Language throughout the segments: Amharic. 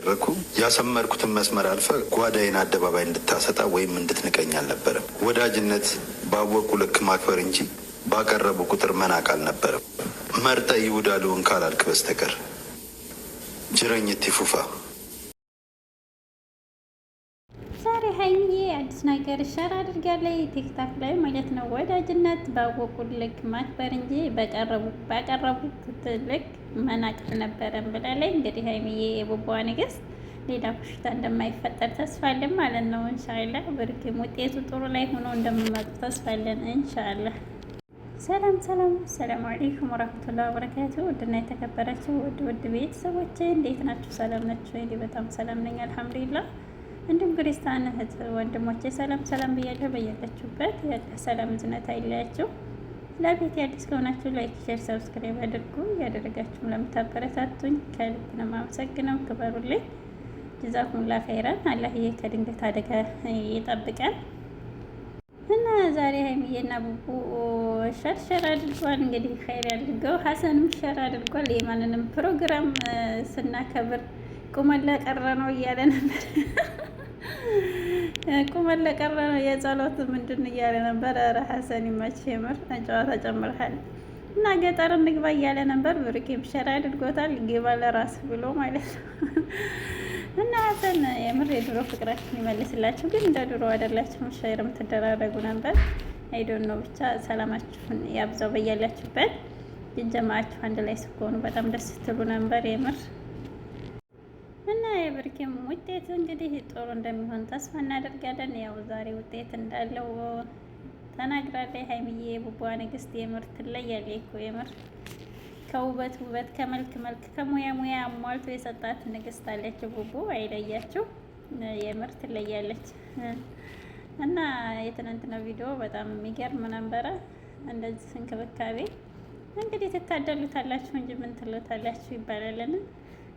ያደረግኩ ያሰመርኩትን መስመር አልፈ ጓዳይን አደባባይ እንድታሰጣ ወይም እንድትንቀኝ አልነበረም። ወዳጅነት ባወቁ ልክ ማክበር እንጂ ባቀረቡ ቁጥር መናቅ አልነበረም። መርጠ ይውዳሉ እንካላልክ በስተቀር ጅረኝት ይፉፋ አዲስ ነገር ሸር አድርጋለሁ ቲክታክ ላይ ማለት ነው። ወዳጅነት ባወቁ ልክ ማክበር እንጂ ባቀረቡት ልክ መናቅ አልነበረም ብላለች። እንግዲህ ሀይሚዬ የቡቧ ንግስት ሌላ ኩሽታ እንደማይፈጠር ተስፋለን ማለት ነው። እንሻላ ብርክም ውጤቱ ጥሩ ላይ ሆኖ እንደምመጡ ተስፋለን። እንሻላ። ሰላም ሰላም ሰላም አለይኩም ወራህመቱላ ወበረካቱ። ውድና የተከበራችሁ ውድ ውድ ቤተሰቦቼ እንዴት ናችሁ? ሰላም ናችሁ? እኔ በጣም ሰላም ነኝ አልሐምዱሊላህ እንዲሁም ክርስቲያን እህት ወንድሞቼ ሰላም ሰላም ብያለሁ። በያላችሁበት ያለ ሰላም እዝነት አይለያችሁ። ለቤት አዲስ ከሆናችሁ ላይክ፣ ሼር፣ ሰብስክራይብ አድርጉ። እያደረጋችሁም ለምታበረታቱኝ ከልብ ነው የማመሰግነው። ክበሩልኝ። ጀዛኩሙላ አላህ አላህዬ ከድንገት አደጋ ይጠብቀን እና ዛሬ ሀይሚዬና ቡቡ ሸር ሸር አድርጓል። እንግዲህ ኸይር ያድርገው። ሀሰንም ሸር አድርጓል። የማንንም ፕሮግራም ስናከብር ቁመላ ቀረ ነው እያለ ነበር ቁመን ለቀረ ነው የጸሎት ምንድን እያለ ነበር። ኧረ ሀሰን ይመች የምር ጨዋታ ጨምርሃል። እና ገጠር እንግባ እያለ ነበር። ብሩኬም ሸራ አድርጎታል። ግባ ለራስ ብሎ ማለት ነው። እና ሀሰን የምር የድሮ ፍቅራችን ይመልስላችሁ። ግን እንደ ድሮ አይደላችሁም። ሸርም ትደራረጉ ነበር። አይዶን ነው ብቻ ሰላማችሁን ያብዛው በያላችሁበት። ይጀማችሁ አንድ ላይ ስትሆኑ በጣም ደስ ትሉ ነበር የምር የብሩኬም ውጤት እንግዲህ ጥሩ እንደሚሆን ተስፋ እናደርጋለን። ያው ዛሬ ውጤት እንዳለው ተናግራለች ሀይሚዬ ቡቧ ንግስት። የምር ትለያለች እኮ የምር ከውበት ውበት፣ ከመልክ መልክ፣ ከሙያ ሙያ አሟልቶ የሰጣት ንግስት አለችው። ቡቡ አይለያችሁ፣ የምር ትለያለች። እና የትናንትና ቪዲዮ በጣም የሚገርም ነበረ። እንደዚህ እንክብካቤ እንግዲህ ትታደሉታላችሁ እንጂ ምን ትሉታላችሁ ይባላልን?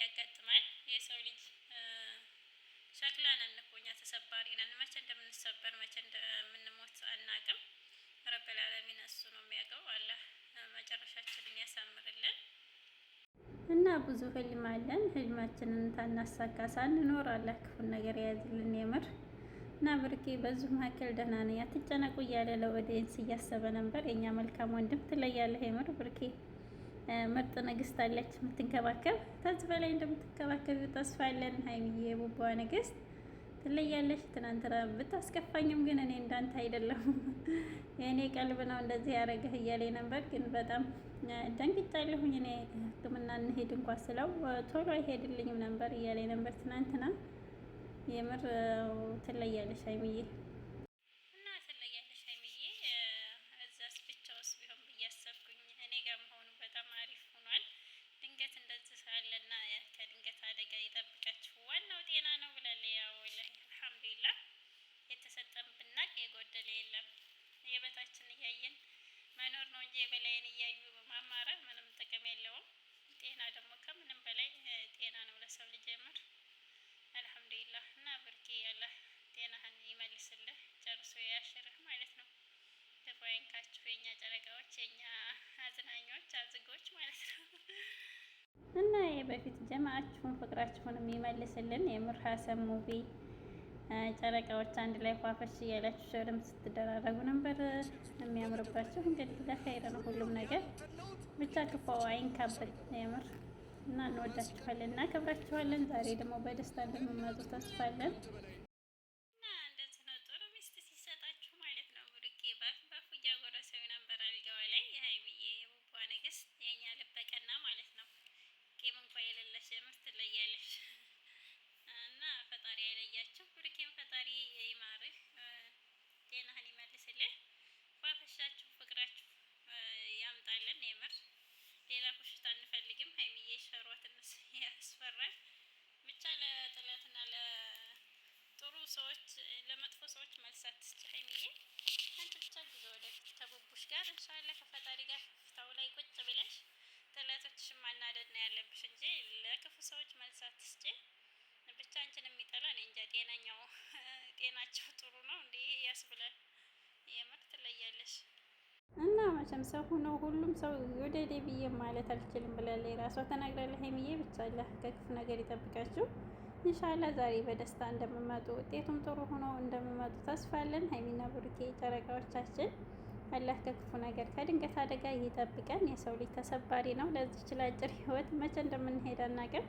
ያጋጥማል። የሰው ልጅ ሸክላ ነን እኮ እኛ ተሰባሪ ነን። መቼ እንደምንሰበር መቼ እንደምንሞት አናቅም። ረበል ዓለሚን እሱ ነው የሚያውቀው። አላህ መጨረሻችንን ያሳምርልን እና ብዙ ህልም አለን። ህልማችንን ታናሳካ ሳንኖር አላህ ክፉን ነገር የያዝልን የምር እና ብርኬ በዚሁ መካከል ደህና ነኝ አትጨነቁ እያለ ለኦዲየንስ እያሰበ ነበር። የእኛ መልካም ወንድም ትለያለህ የምር ብርኬ ምርጥ ንግስት አለች የምትንከባከብ። ከዚህ በላይ እንደምትንከባከብ ተስፋ አለን። ሀይሚዬ የቡባዋ ንግስት ትለያለች። ትናንትና ብታስከፋኝም ግን እኔ እንዳንተ አይደለሁም የእኔ ቀልብ ነው እንደዚህ ያደረገህ እያለኝ ነበር። ግን በጣም ደንግጫለሁኝ። እኔ ሕክምና እንሄድ እንኳ ስለው ቶሎ አይሄድልኝም ነበር እያለኝ ነበር ትናንትና። የምር ትለያለች ሀይሚዬ። አለና ከድንገት አደጋ ይጠብቃችሁ። ዋናው ጤና ነው ብላለ። ያው አልሐምዱሊላህ የተሰጠን ብናቅ የጎደለ የለም። የበታችን እያየን መኖር ነው እንጂ የበላይን እያዩ ማማረር ምንም ጥቅም የለውም። ጤና ደግሞ ከምንም በላይ ጤና ነው ለሰው ልጅ የምር አልሐምዱሊላህ። እና ብርኪ ያለህ ጤናህን ይመልስልህ ጨርሶ ያሽርህ ማለት ነው። ክፉ አይንካችሁ የእኛ ጨረቃዎች፣ የእኛ አዝናኞች፣ አዝጎች ማለት ነው። እና በፊት ጀማአችሁን ፍቅራችሁን የሚመልስልን የምር ሀሰን ሙቪ ጨረቃዎች አንድ ላይ ፏፈሽ እያላችሁ ሸርም ስትደራረጉ ነበር የሚያምርባቸው። እንግዲህ ለኸይር ነው ሁሉም ነገር ብቻ ክፋው አይንካብን የምር እና እንወዳችኋለን እና ከብራችኋለን። ዛሬ ደግሞ በደስታ እንደምመጡ ተስፋለን። ትለያለች እና ፈጣሪ አይለያቸው። ብሩኬን ፈጣሪ ይማርህ፣ ጤናህን ይመልስልህ፣ ፏፈሻችሁ ፍቅራችሁ ያምጣልን። የምር ሌላ ኮሽታ አንፈልግም። ሀይሚዬ ሸሯትነት ያስፈራል። ብቻ ለጥላትና ለጥሩ ሰዎች ለመጥፎ ሰዎች መልሳት ትስጭ ሀይሚዬ። አንተ ብቻ ጉዞ ወደፊት ከቡቡሽ ጋር እንሻላ ከፈጣሪ ጋር ፍታው ላይ ቁጭ ብለሽ ጠላቶችሽ ማናደድ ነው ያለብሽ እንጂ ለክፉ ሰዎች መልሳት አትስጪ። ብቻ አንቺን የሚጠላ እኔ እንጃ። ጤነኛው ጤናቸው ጥሩ ነው እንዴ ያስብላል። የምር ትለያለሽ። እና መቼም ሰው ሆኖ ሁሉም ሰው ወደዴ ብዬ ማለት አልችልም ብላለች፣ ራሷ ተናግራለች። ሀይሚዬ ብቻ አላህ ከክፉ ነገር ይጠብቃችሁ። ኢንሻላ ዛሬ በደስታ እንደምመጡ ውጤቱም ጥሩ ሆኖ እንደምመጡ ተስፋለን። ሀይሚና ብሩኬ ጨረቃዎቻችን አላህ ከክፉ ነገር ከድንገት አደጋ ይጠብቀን። የሰው ልጅ ተሰባሪ ነው። ለዚች አጭር ህይወት መቼ እንደምንሄድ አናውቅም።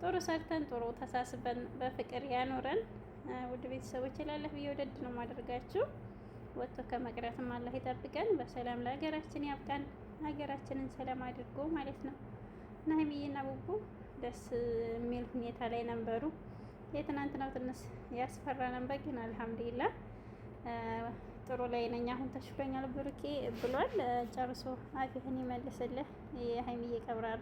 ጥሩ ሰርተን ጥሩ ተሳስበን በፍቅር ያኖረን። ውድ ቤተሰቦች ላለፍ ብዬ ወደድ ነው ማደርጋችሁ። ወጥቶ ከመቅረትም አላህ ይጠብቀን። በሰላም ለሀገራችን ያብቃን። ሀገራችንን ሰላም አድርጎ ማለት ነው። እና ሀይሚዬና ቡቡ ደስ የሚል ሁኔታ ላይ ነበሩ። የትናንትናው ትንሽ ያስፈራ ነበር፣ ግን አልሐምዱሊላህ ጥሩ ላይ ነኝ አሁን ተሽሎኛል ብሩኬ ብሏል። ጨርሶ አፊህን ይመልስልህ የሀይሚዬ ቀብራራ